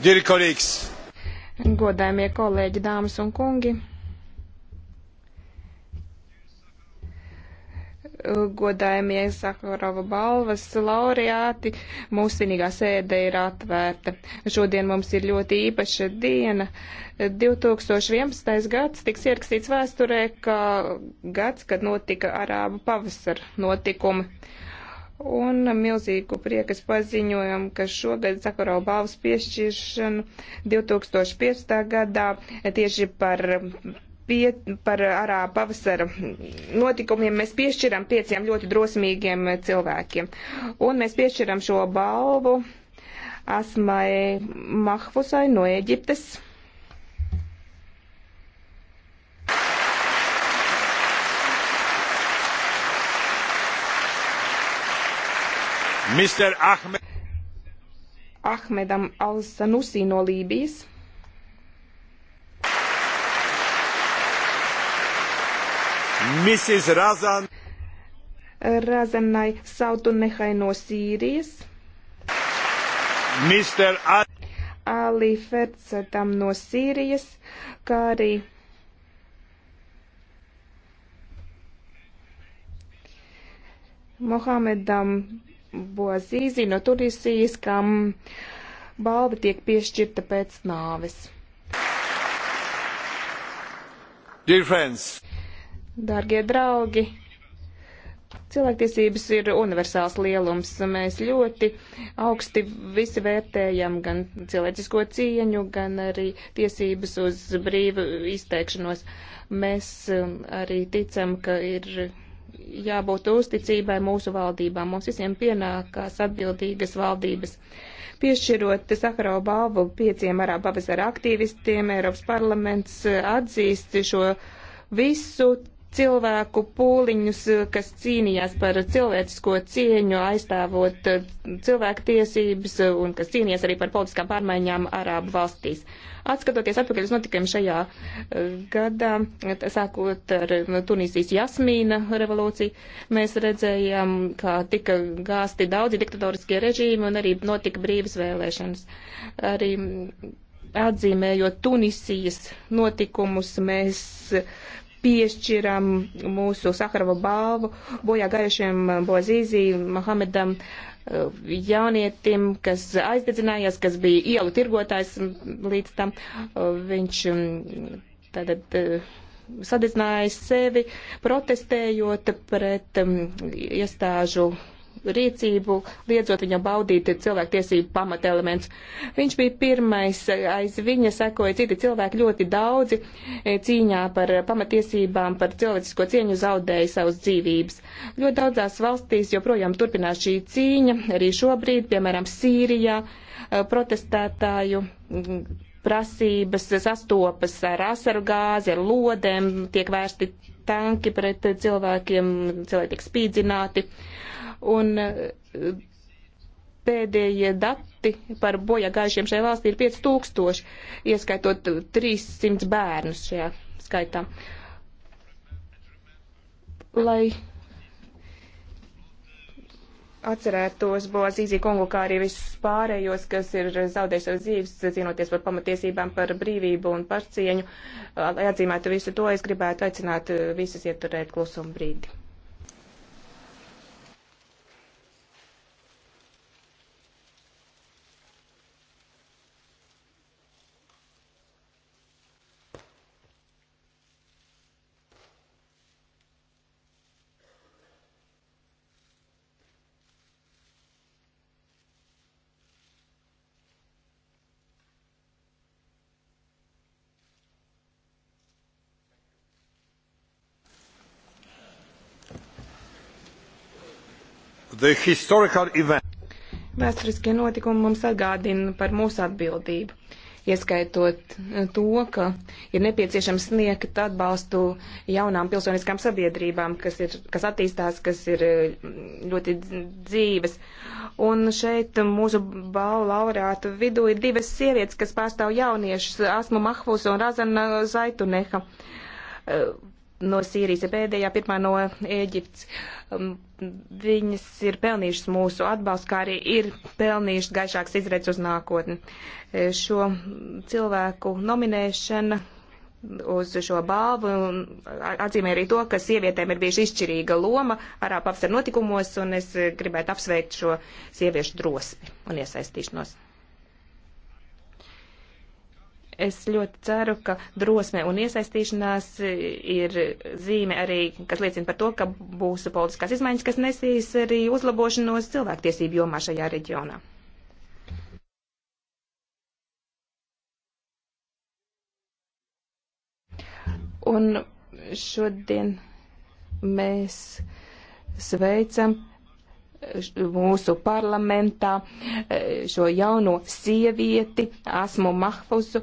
Godājumie kolēģi, dāmas un kungi, godājumie Sakarava balvas laureāti, mūsu sinīgā sēde ir atvērta. Šodien mums ir ļoti īpaša diena. 2011. gads tiks ierakstīts vēsturē, kā gads, kad notika Arābu pavasara notikumi. Un milzīgu prieku es paziņojam, ka šogad Zakaro balvas piešķiršanu 2015. gadā tieši par, pie, par arā pavasara notikumiem mēs piešķiram pieciem ļoti drosmīgiem cilvēkiem. Un mēs piešķiram šo balvu Asmai Mahfusai no Eģiptes. Mr. Ahmed. Ahmedam Al-Sanusi no Lībijas. Mrs. Razan. Razanai Sautunehai no Sīrijas. Mr. Al Ali Fercetam no Sīrijas, kā arī Mohamedam Bozīzi no Tunisijas, kam balva tiek piešķirta pēc nāves. Dārgie draugi, cilvēktiesības ir universāls lielums. Mēs ļoti augsti visi vērtējam gan cilvēcisko cieņu, gan arī tiesības uz brīvu izteikšanos. Mēs um, arī ticam, ka ir jābūt uzticībai mūsu valdībām. Mums visiem pienākās atbildīgas valdības. Piešķirot Sakaro balvu pieciem arā pavasara aktīvistiem, Eiropas parlaments atzīst šo visu cilvēku pūliņus, kas cīnījās par cilvēcisko cieņu, aizstāvot cilvēku tiesības un kas cīnījās arī par politiskām pārmaiņām Arābu valstīs. Atskatoties atpakaļ uz notikumiem šajā eh, gadā, sākot ar nu, Tunīsijas jasmīna revolūciju, mēs redzējām, kā tika gāsti daudzi diktatoriskie režīmi un arī notika brīvas vēlēšanas. Arī atzīmējot Tunisijas notikumus, mēs piešķiram mūsu Sakarava balvu bojā gājušiem Bozīzī Mohamedam eh, jaunietim, kas aizdedzinājās, kas bija ielu tirgotājs līdz tam. Eh, viņš mm, tātad eh, sadedzinājis sevi, protestējot pret mm, iestāžu rīcību, liedzot viņam baudīt cilvēktiesību pamatelements. Viņš bija pirmais, aiz viņa sekoja citi cilvēki ļoti daudzi e, cīņā par pamatiesībām, par cilvēcisko cieņu zaudēja savus dzīvības. Ļoti daudzās valstīs joprojām turpinās šī cīņa, arī šobrīd, piemēram, Sīrijā e, protestētāju prasības sastopas ar asaru gāzi, ar lodēm, tiek vērsti tanki pret cilvēkiem, cilvēki tiek spīdzināti. Uh, Un pēdējie dati par bojā gājušiem šajā valstī ir 5000, ieskaitot 300 bērnus šajā skaitā. Lai atcerētos Boazīzī kungu, kā arī visus pārējos, kas ir zaudējuši savas dzīves, cīnoties par pamatiesībām, par brīvību un par cieņu, lai atzīmētu visu to, es gribētu aicināt visus ieturēt klusumu brīdi. Vēsturiskie notikumi mums atgādina par mūsu atbildību, ieskaitot eh, to, ka ir nepieciešams sniegt atbalstu jaunām pilsoniskām sabiedrībām, kas, ir, kas attīstās, kas ir eh, ļoti dzīves. Un šeit mūsu balvu laureātu vidū ir divas sievietes, kas pārstāv jauniešus - Asmu Mahvusu un Razana Zaituneha eh, no Sīrijas, ja pēdējā pirmā no Ēģiptes. Um, viņas ir pelnījušas mūsu atbalstu, kā arī ir pelnījušas gaišāks izredz uz nākotni. E, šo cilvēku nominēšana uz šo balvu atzīmē arī to, ka sievietēm ir bijuši izšķirīga loma arā pavasara notikumos, un es gribētu apsveikt šo sieviešu drosmi un iesaistīšanos. Es ļoti ceru, ka drosme un iesaistīšanās ir zīme arī, kas liecina par to, ka būs politiskās izmaiņas, kas nesīs arī uzlabošanos cilvēktiesību jomā šajā reģionā. Un šodien mēs sveicam mūsu parlamentā e, šo jauno sievieti, Asmu Mahfusu,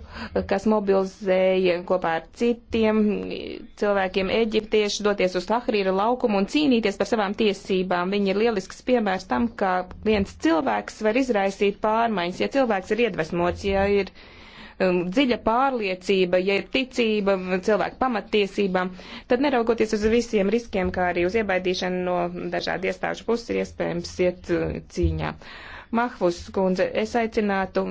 kas mobilizēja kopā ar citiem cilvēkiem eģiptieši doties uz Tahrīra laukumu un cīnīties par savām tiesībām. Viņi ir lielisks piemērs tam, kā viens cilvēks var izraisīt pārmaiņas, ja cilvēks ir iedvesmots, ja ir Um, dziļa pārliecība, ja ir ticība cilvēku pamatiesībām, tad neraugoties uz visiem riskiem, kā arī uz iebaidīšanu no dažādu iestāžu puses, ir iespējams iet uh, cīņā. Mahvus kundze, es aicinātu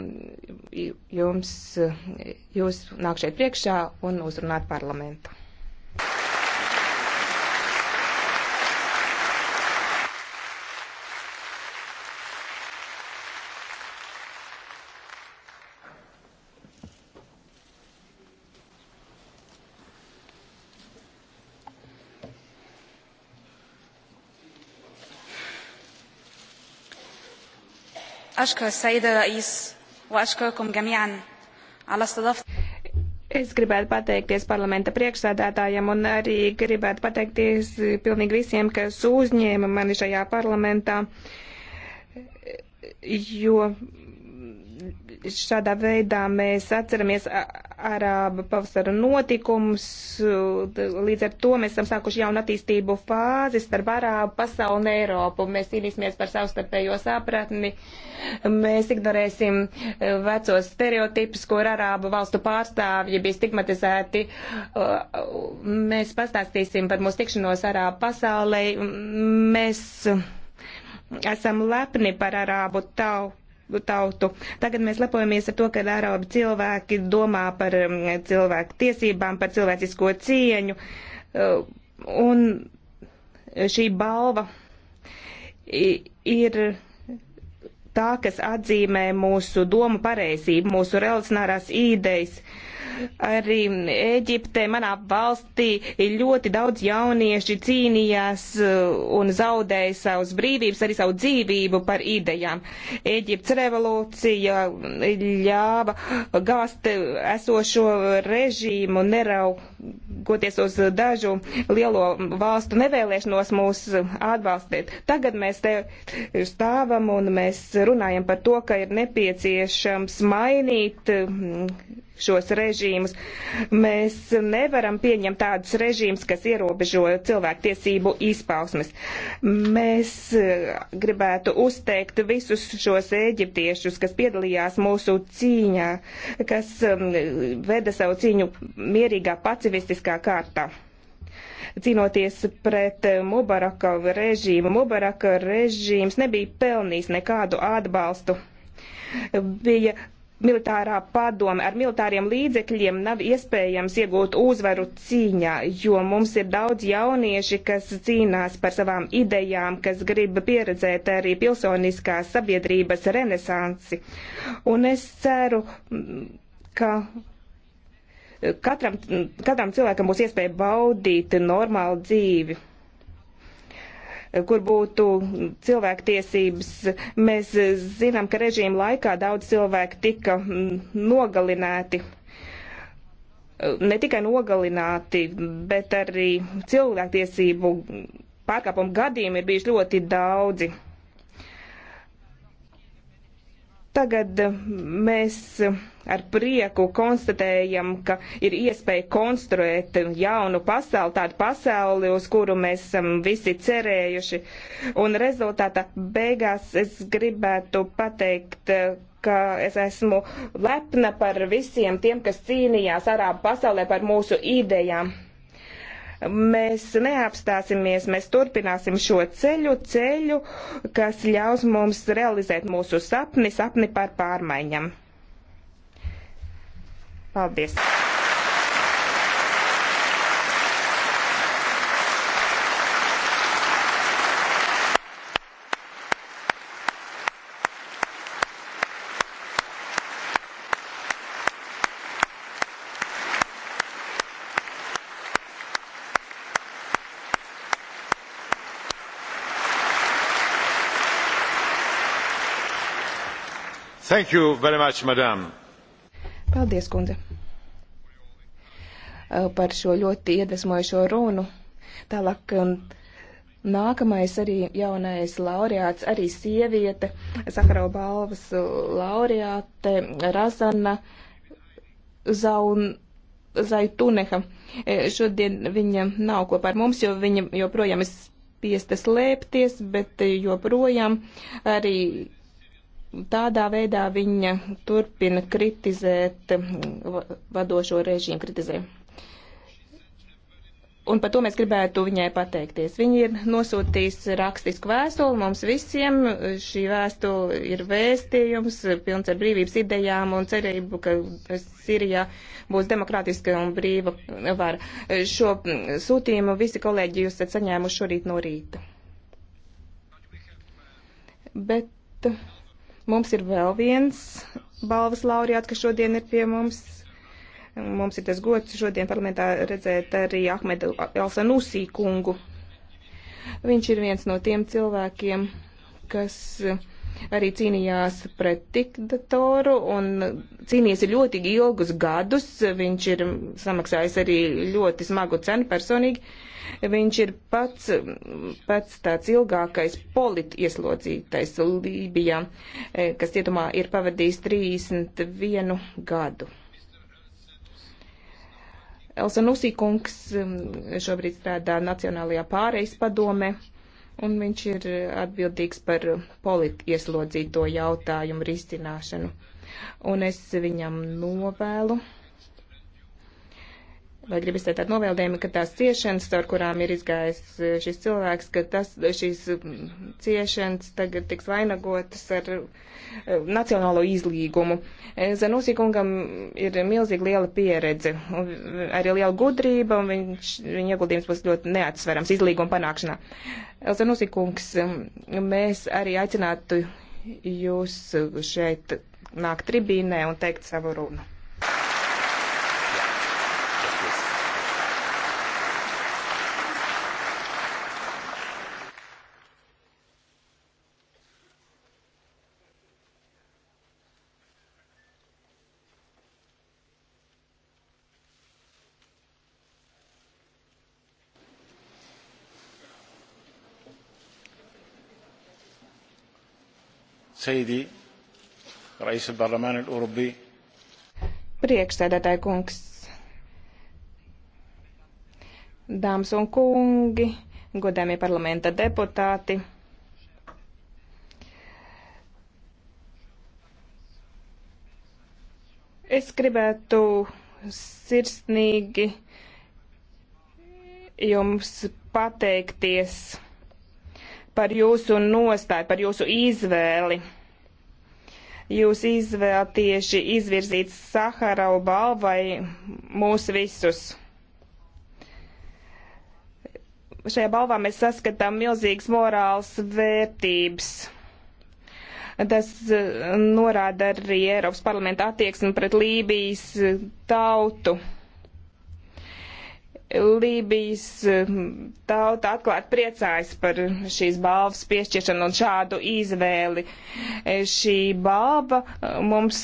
jums, uh, jūs nāk šeit priekšā un uzrunāt parlamentu. أشكر السيد الرئيس وأشكركم جميعا على استضافتي Es gribētu pateikties parlamenta priekšsēdētājiem un arī gribētu pateikties pilnīgi visiem, kas uzņēma mani šajā parlamentā, jo šādā veidā mēs atceramies arāba pavasara notikumus. Līdz ar to mēs esam sākuši jaunu attīstību fāzi starp arābu pasauli un Eiropu. Mēs cīnīsimies par savstarpējo sapratni. Mēs ignorēsim eh, vecos stereotipus, kur arābu valstu pārstāvji bija stigmatizēti. Eh, mēs pastāstīsim par mūsu tikšanos arābu pasaulē. Mēs esam lepni par arābu tautu tautu. Tagad mēs lepojamies ar to, ka arabi cilvēki domā par um, cilvēku tiesībām, par cilvēcisko cieņu, uh, un šī balva ir tā, kas atzīmē mūsu domu pareizību, mūsu relacionārās idejas. Uh, Arī Eģipte, manā valstī, ļoti daudz jaunieši cīnījās uh, un zaudēja savus brīvības, arī savu dzīvību par idejām. Eģiptes revolūcija ļāva gāzt esošo režīmu, neraugoties uz dažu lielo valstu nevēlēšanos mūs atbalstīt. Tagad mēs te stāvam un mēs runājam par to, ka ir nepieciešams mainīt šos režīmus. Mēs nevaram pieņemt tādus režīmus, kas ierobežo cilvēku tiesību izpausmes. Mēs eh, gribētu uzteikt visus šos eģiptiešus, kas piedalījās mūsu cīņā, kas um, veda savu cīņu mierīgā pacifistiskā kārtā. Cīnoties pret eh, Mubaraka režīmu, Mubaraka režīms nebija pelnījis nekādu atbalstu bija militārā padome ar militāriem līdzekļiem nav iespējams iegūt uzvaru cīņā, jo mums ir daudz jaunieši, kas cīnās par savām idejām, kas grib pieredzēt arī pilsoniskās sabiedrības renesansi. Un es ceru, ka katram, katram cilvēkam būs iespēja baudīt normālu dzīvi kur būtu cilvēktiesības. Mēs zinām, ka režīma laikā daudz cilvēku tika mm, nogalināti. Ne tikai nogalināti, bet arī cilvēktiesību pārkāpumu gadījumi ir bijuši ļoti daudzi. Tagad eh, mēs eh, ar prieku konstatējam, ka ir iespēja konstruēt jaunu pasauli, tādu pasauli, uz kuru mēs esam visi cerējuši. Un rezultātā beigās es gribētu pateikt, eh, ka es esmu lepna par visiem tiem, kas cīnījās arābu pasaulē par mūsu idejām. Mēs neapstāsimies, mēs turpināsim šo ceļu, ceļu, kas ļaus mums realizēt mūsu sapni, sapni par pārmaiņam. Paldies! Thank you very much, madam. Paldies, kundze, uh, par šo ļoti iedvesmojušo runu. Tālāk um, nākamais arī jaunais laureāts, arī sieviete, Sakarau balvas laureāte, Razana Zaun. Zaituneha. E, šodien viņa nav kopā ar mums, jo viņa joprojām ir spiesta slēpties, bet joprojām arī tādā veidā viņa turpina kritizēt vadošo režīmu, kritizē. Un par to mēs gribētu viņai pateikties. Viņa ir nosūtījusi rakstisku vēstuli mums visiem. Šī vēstule ir vēstījums, pilns ar brīvības idejām un cerību, ka Sirijā būs demokrātiska un brīva vara. Šo sūtījumu visi kolēģi jūs esat saņēmuši šorīt no rīta. Bet. Uh, Mums ir vēl viens balvas laureāts, kas šodien ir pie mums. Mums ir tas gods šodien parlamentā redzēt arī Ahmedu Elsanusī kungu. Viņš ir viens no tiem cilvēkiem, kas. Uh, arī cīnījās pret diktatoru un cīnījies ļoti ilgus gadus. Viņš ir samaksājis arī ļoti smagu cenu personīgi. Viņš ir pats, pats tāds ilgākais politieslodzītais Lībijā, e, kas cietumā ir pavadījis 31 gadu. Elsa Nusīkungs e, šobrīd strādā Nacionālajā pārejas padome un viņš ir eh, atbildīgs par eh, politieslodzīto jautājumu risināšanu. Un es viņam novēlu vai gribas tātad novēldējumi, ka tās ciešanas, ar kurām ir izgājis e, šis cilvēks, ka tas, e, šīs ciešanas tagad tiks vainagotas ar e, nacionālo izlīgumu. Zanusī kungam ir milzīgi liela pieredze, arī liela gudrība, un viņš, viņa ieguldījums būs ļoti neatsverams izlīguma panākšanā. Zanusī kungs, mēs arī aicinātu jūs šeit nākt tribīnē un teikt savu runu. Seidī, Raisa Parlamenta Urubī. Priekšsēdētāji kungs, dāmas un kungi, godāmie parlamenta deputāti. Es gribētu sirsnīgi jums pateikties par jūsu nostāju, par jūsu izvēli jūs izvēlat tieši izvirzīt Saharau balvu vai mūs visus. Šajā balvā mēs saskatām milzīgas morāls vērtības. Tas e, norāda arī Eiropas parlamenta attieksmi pret Lībijas tautu. Lībijas eh, tauta atklāti priecājas par šīs balvas piešķiršanu un šādu izvēli. Eh, šī balva eh, mums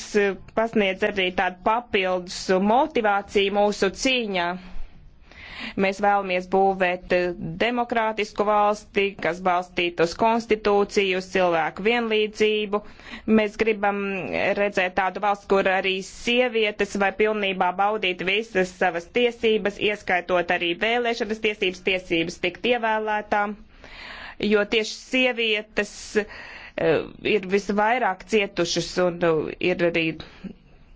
pasniedz arī tādu papildus motivāciju mūsu cīņā. Mēs vēlamies būvēt eh, demokrātisku valsti, kas balstītu uz konstitūciju, uz cilvēku vienlīdzību. Mēs gribam eh, redzēt tādu valsts, kur arī sievietes var pilnībā baudīt visas savas tiesības, ieskaitot arī vēlēšanas tiesības, tiesības tikt ievēlētām, jo tieši sievietes eh, ir visvairāk cietušas un ir arī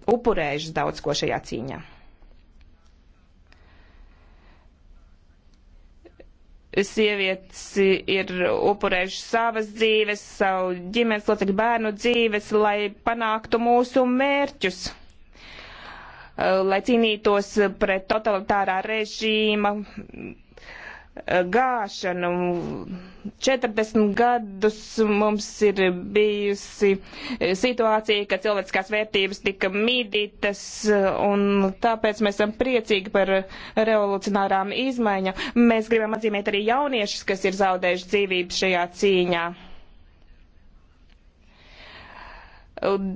upurējušas daudz ko šajā cīņā. sievietes ir upurējuši savas dzīves, savu ģimenes locekļu bērnu dzīves, lai panāktu mūsu mērķus, eh, lai cīnītos pret totalitārā režīma gāšanu. 40 gadus mums ir bijusi situācija, ka cilvēciskās vērtības tika mīdītas, un tāpēc mēs esam priecīgi par revolucionārām izmaiņām. Mēs gribam atzīmēt arī jauniešus, kas ir zaudējuši dzīvību šajā cīņā.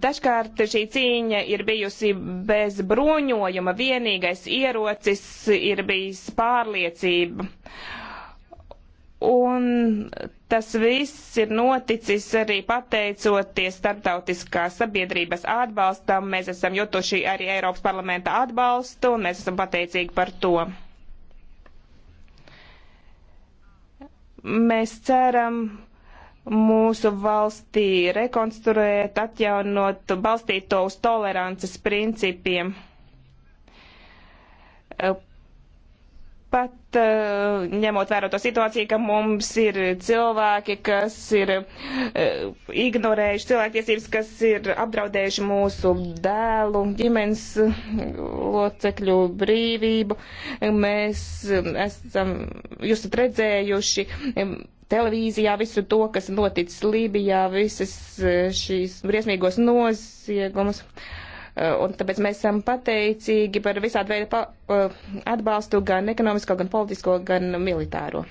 Dažkārt šī cīņa ir bijusi bez bruņojuma, vienīgais ierocis ir bijis pārliecība. Un tas viss ir noticis arī pateicoties starptautiskās sabiedrības atbalstam. Mēs esam jutuši arī Eiropas parlamenta atbalstu, un mēs esam pateicīgi par to. Mēs ceram mūsu valstī rekonstruēt, atjaunot, balstīt to uz tolerances principiem pat uh, ņemot vērā to situāciju, ka mums ir cilvēki, kas ir uh, ignorējuši cilvēktiesības, kas ir apdraudējuši mūsu dēlu, ģimenes uh, locekļu brīvību. Mēs esam, jūs esat redzējuši televīzijā visu to, kas noticis Lībijā, visas šīs briesmīgos noziegumus. Uh, Eh, un tāpēc mēs esam pateicīgi par visādu veidu eh, atbalstu gan ekonomisko, gan politisko, gan militāro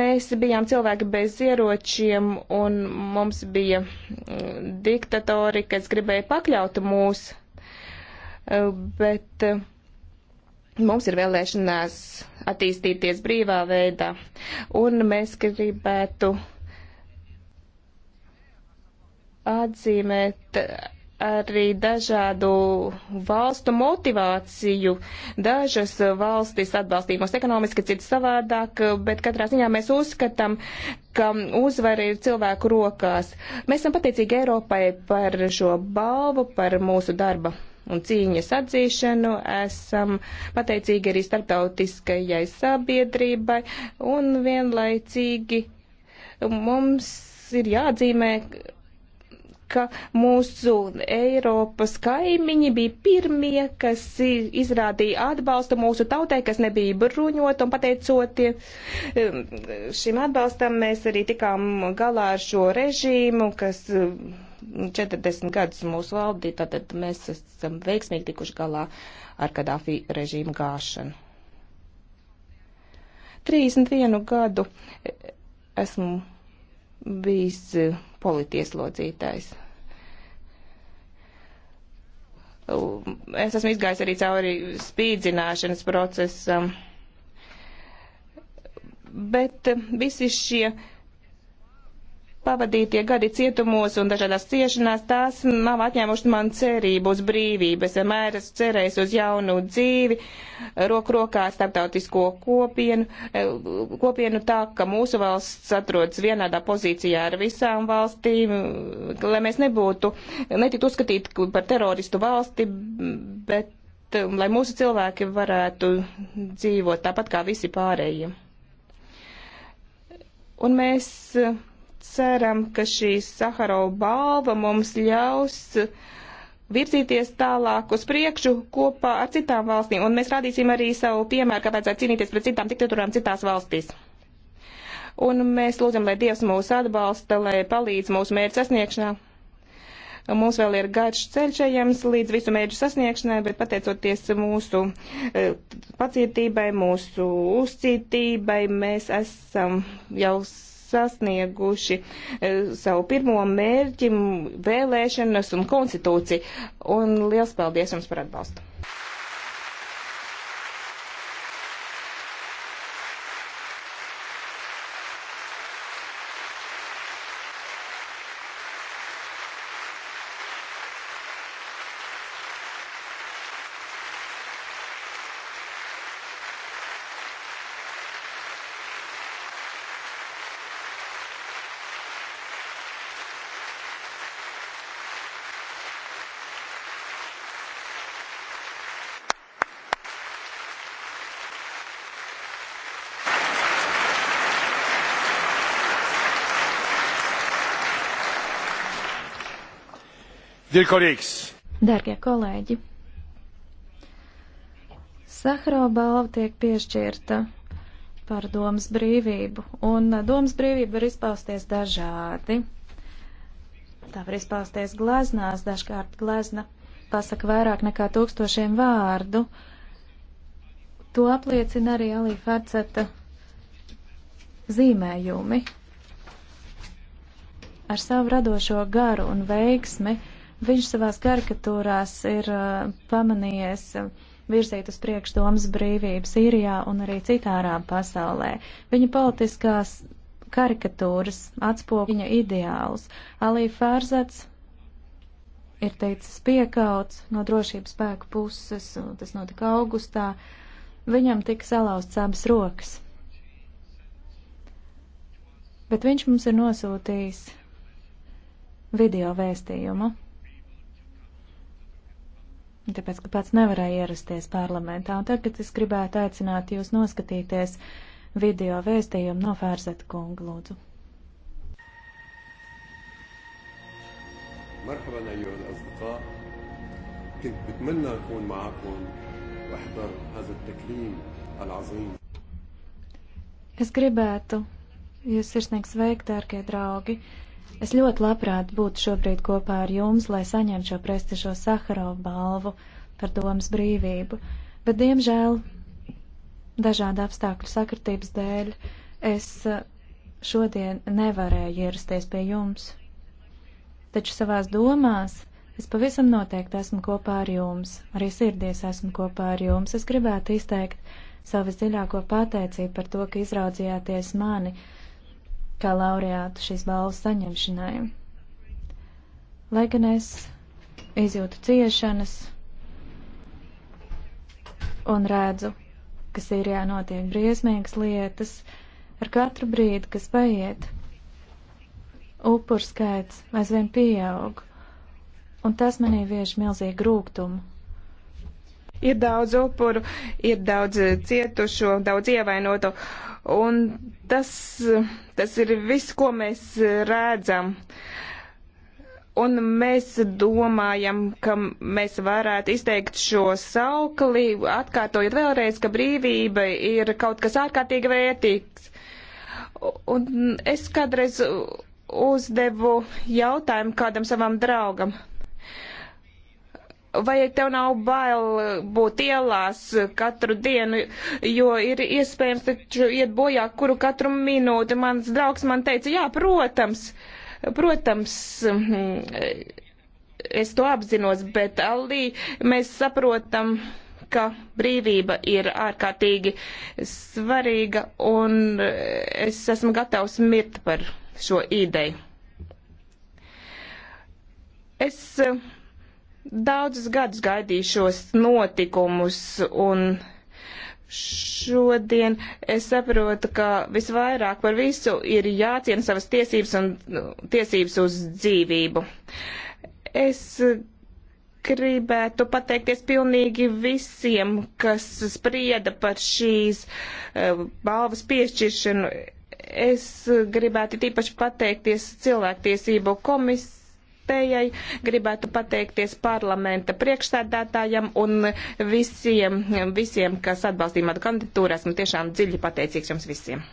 mēs bijām cilvēki bez ieročiem, un mums bija mm, diktatori, kas gribēja pakļaut mūs, eh, bet mums ir vēlēšanās attīstīties brīvā veidā, un mēs gribētu uh, atzīmēt arī dažādu valstu motivāciju. Dažas valstis atbalstīja mūs ekonomiski, citas savādāk, bet katrā ziņā mēs uzskatām, ka uzvara ir cilvēku rokās. Mēs esam pateicīgi Eiropai par šo balvu, par mūsu darba un cīņas atzīšanu. Esam pateicīgi arī starptautiskajai sabiedrībai un vienlaicīgi mums ir jāatzīmē ka mūsu Eiropas kaimiņi bija pirmie, kas izrādīja atbalstu mūsu tautai, kas nebija bruņota, un pateicoties um, šim atbalstam mēs arī tikām galā ar šo režīmu, kas 40 um, gadus mūs valdīja, tad mēs esam veiksmīgi tikuši galā ar Kadāfī režīmu gāšanu. 31 gadu e, e, esmu bijis e, politieslodzītājs. Um, es esmu izgājis arī cauri spīdzināšanas procesam. Bet um, visi šie pavadītie gadi cietumos un dažādās ciešanās, tās nav atņēmušas man cerību uz brīvību. Es vienmēr esmu cerējis uz jaunu dzīvi, roku rokā ar starptautisko kopienu, kopienu tā, ka mūsu valsts atrodas vienādā pozīcijā ar visām valstīm, lai mēs nebūtu, netiktu uzskatīti par teroristu valsti, bet um, lai mūsu cilvēki varētu dzīvot tāpat kā visi pārējie. Un mēs uh, ceram, ka šī Saharova balva mums ļaus virzīties tālāk uz priekšu kopā ar citām valstīm, un mēs rādīsim arī savu piemēru, kā vajadzētu cīnīties pret citām diktatūrām citās valstīs. Un mēs lūdzam, lai Dievs mūs atbalsta, lai palīdz mūsu mērķu sasniegšanā. Mums vēl ir garš ceļš ejams līdz visu mērķu sasniegšanai, bet pateicoties mūsu eh, pacietībai, mūsu uzcītībai, mēs esam jau sasnieguši e, savu pirmo mērķi, vēlēšanas un konstitūciju. Un liels paldies jums par atbalstu! Darbie kolēģi! Sahrava balva tiek piešķirta par domas brīvību, un domas brīvība var izpausties dažādi. Tā var izpausties gleznās, dažkārt glezna pasaka vairāk nekā tūkstošiem vārdu. To apliecina arī Alī Faceta zīmējumi. Ar savu radošo garu un veiksmi Viņš savās karikatūrās ir uh, pamanījies uh, virzīt uz priekšu domas brīvību Sīrijā un arī citā arābu pasaulē. Viņa politiskās karikatūras atspoguļo viņa ideālus. Alī Fārzats ir teicis piekauts no drošības spēku puses, un tas notika augustā. Viņam tika salauzts abas rokas. Bet viņš mums ir nosūtījis video vēstījumu tāpēc, ka pats nevarēja ierasties parlamentā. Un tagad es gribētu aicināt jūs noskatīties video vēstījumu no Fērzeta kunga lūdzu. مرحبا أيها الأصدقاء كنت بتمنى أكون معكم وأحضر هذا التكريم العظيم Es gribētu jūs sirsnīgi sveikt, dārgie draugi. Uh, Es ļoti labprāt būtu šobrīd kopā ar jums, lai saņemtu šo prestižo Saharovu balvu par domas brīvību, bet, diemžēl, dažādu apstākļu sakritības dēļ es eh, šodien nevarēju ierasties pie jums. Taču savās domās es pavisam noteikti esmu kopā ar jums, arī sirdies esmu kopā ar jums. Es gribētu izteikt savu visdziļāko pateicību par to, ka izraudzījāties mani kā laureātu šīs balvas saņemšanai. Lai gan es izjūtu ciešanas un redzu, ka Sīrijā notiek briesmīgas lietas, ar katru brīdi, kas paiet, upur skaits aizvien pieaug, un tas manī vieš milzīgu rūgtumu Ir daudz upuru, ir daudz eh, cietušo, daudz ievainoto. Un tas, eh, tas ir viss, ko mēs eh, redzam. Un mēs domājam, ka mēs varētu izteikt šo saukli, atkārtojot vēlreiz, ka brīvība ir kaut kas ārkārtīgi vērtīgs. Un es kādreiz uzdevu jautājumu kādam savam draugam. Vai tev nav bail būt ielās katru dienu, jo ir iespējams taču iet bojā kuru katru minūti? Mans draugs man teica, jā, protams, protams, es to apzinos, bet Allī mēs saprotam, ka brīvība ir ārkārtīgi svarīga, un es esmu gatavs mirt par šo ideju. Es Daudzus gadus gaidīju šos notikumus, un šodien es saprotu, ka visvairāk par visu ir jāciena savas tiesības un nu, tiesības uz dzīvību. Es gribētu pateikties pilnīgi visiem, kas sprieda par šīs e, balvas piešķiršanu. Es gribētu tīpaši pateikties cilvēktiesību komisiju komitejai, gribētu pateikties parlamenta priekšsēdētājam un visiem, visiem kas atbalstīja manu kandidatūru. Esmu tiešām dziļi pateicīgs jums visiem.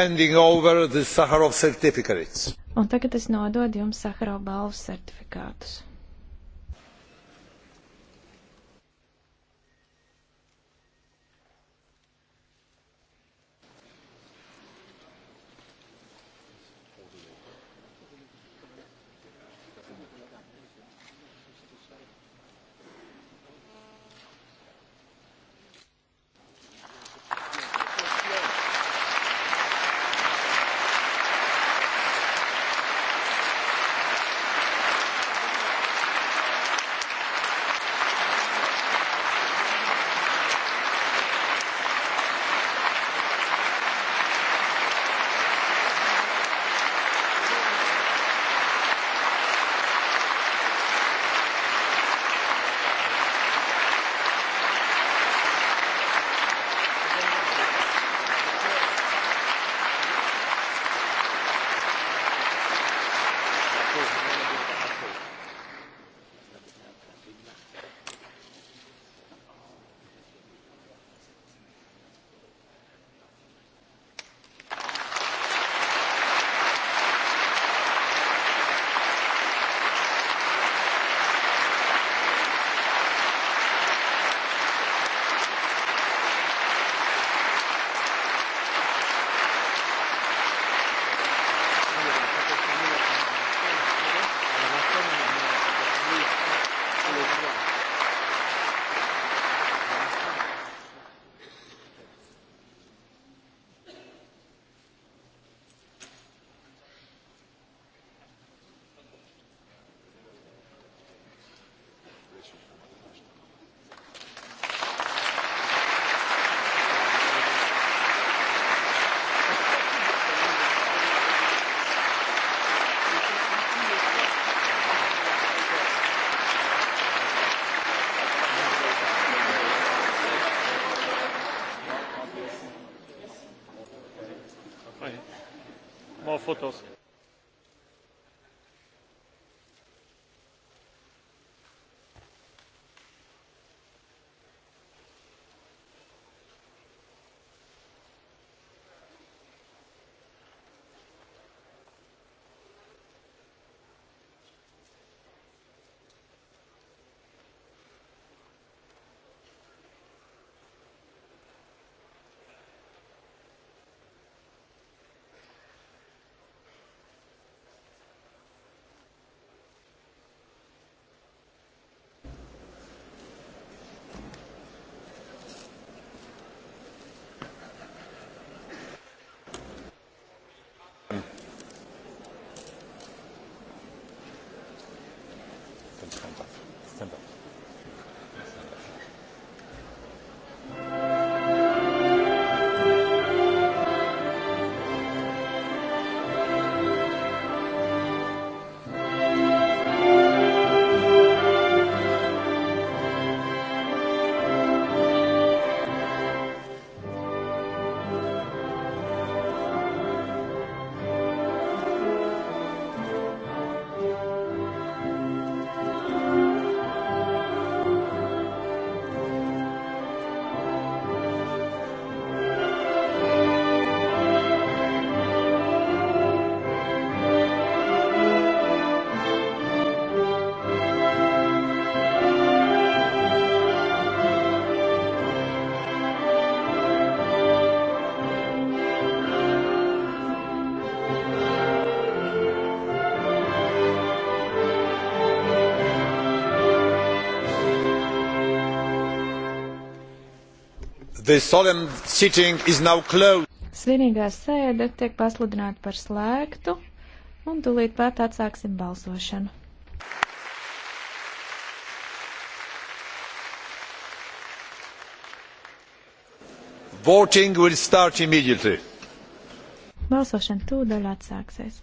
handing over the Saharov certificates. Un tagad es nododu jums Saharov balvu certifikātus. fotos. Svinīgā sēde tiek pasludināta par slēgtu, un tūlīt pat atsāksim balsošanu. Voting will start immediately. Balsošana tūdaļ atsāksies.